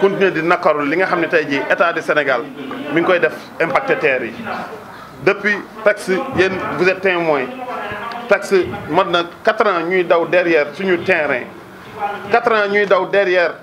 continuer di naqarul li nga du Sénégal mi a koy impacté terre depuis vous êtes témoin Taxi, y 4 quatre ans ñuy daw derrière sur suñu terrain quatre ans ñuy daw derrière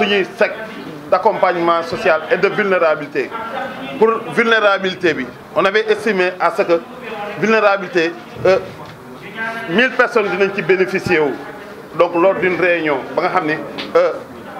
le sec d'accompagnement social et de vulnérabilité pour vulnérabilité on avait estimé à ce que vulnérabilité 1000 euh, personnes dinañ ci donc lors d'une réunion ba nga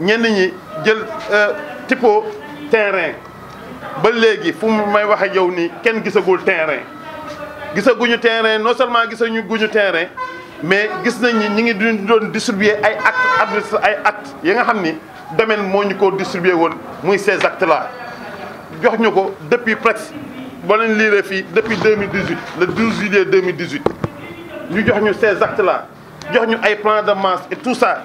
ñen ñi jël euh, tipo terrain ba légui fu may wax yow ni kenn gissagul terrain gisaguñu terrain non seulement gisaguñu guñu terrain mais gis nañ ñi ñi ngi doon distribuer ay acte administratifs ay acte ya nga xamni ni domaine moo ko distribuer won muy ces actes là jox ñu ko depuis presque boo leen lire fi depuis 2018 le 12 juillet 2018 ñu jox ñu ces actes là jox ñu ay plan de masse et tout ça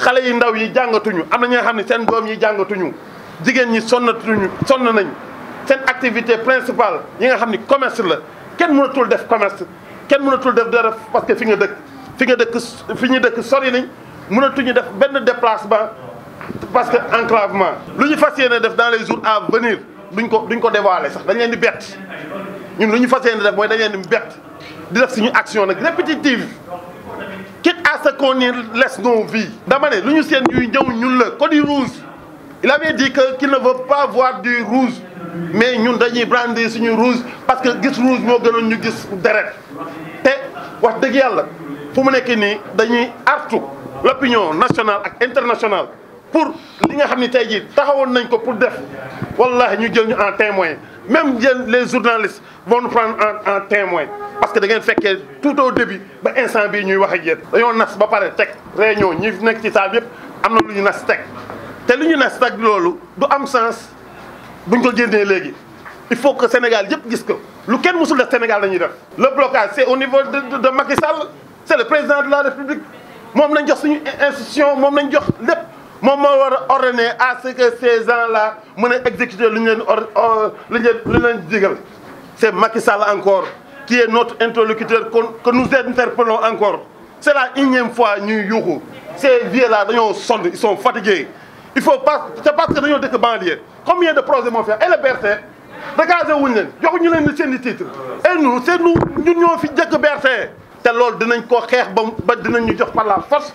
xalé yi ndaw yi jangatuñu amna ñi nga xam seen doom yi jangatuñu jigéen ñi sonnatuñu sonn nañ seen activité principale yi nga xamni commerce la kenn mënatul def commerce kenn mënatul def dara parce que fi nga dëkk fi nga dëkk fi ñu dëkk sori nañ mënatuñu def benn déplacement parce que enclavement. lu ñu fas def dans les jours à venir duñ ko duñ ko dévoiler sax dañ leen di bett ñun lu ñu fas def moy dañ leen di bett di def suñu action nak répétitive ce qu'on laisse nos vies. Damane, l'Union le Code Rouge. Il avait dit qu'il ne veut pas voir du rouge. Mais nous avons brandi sur rouge parce que le rouge nous avons nous derrière. Et, il faut que nous artu l'opinion nationale et internationale pour tay ji nous nañ ko pour nous. Wallah, nous ñu un témoin même les journalistes vont nous prendre en, en témoin parce que da fait fekkee tout au début ba instant bii ñuy wax ak yéen dañoo nas ba pare teg réunion ñi nekk ci salle yëpp am na lu ñu nas teg te lu ñu nas teg loolu du am sens buñ ko génnee léegi il faut que Sénégal yëpp gis ko lu kenn musul def Sénégal la def le blocage c'est au niveau de de Macky Sall c'est le président de la République moom lañ jox suñu institution moom lañ jox des... Maman moo à ce que ces gens-là mën exécuter l'Union c'est Macky Sall encore qui est notre interlocuteur que nous interpellons encore c'est la énième fois ñuy York. ces vieux-là ils sont fatigués il faut pas c'est parce que dañoo des banlieue combien de projets moo fait Elle est le BRT Regardez wuñu leen joxuñu leen titre et nous c'est nous ñun ñoo fi des BRT C'est l'ordre dinañ ko faire, ba dinañ par la force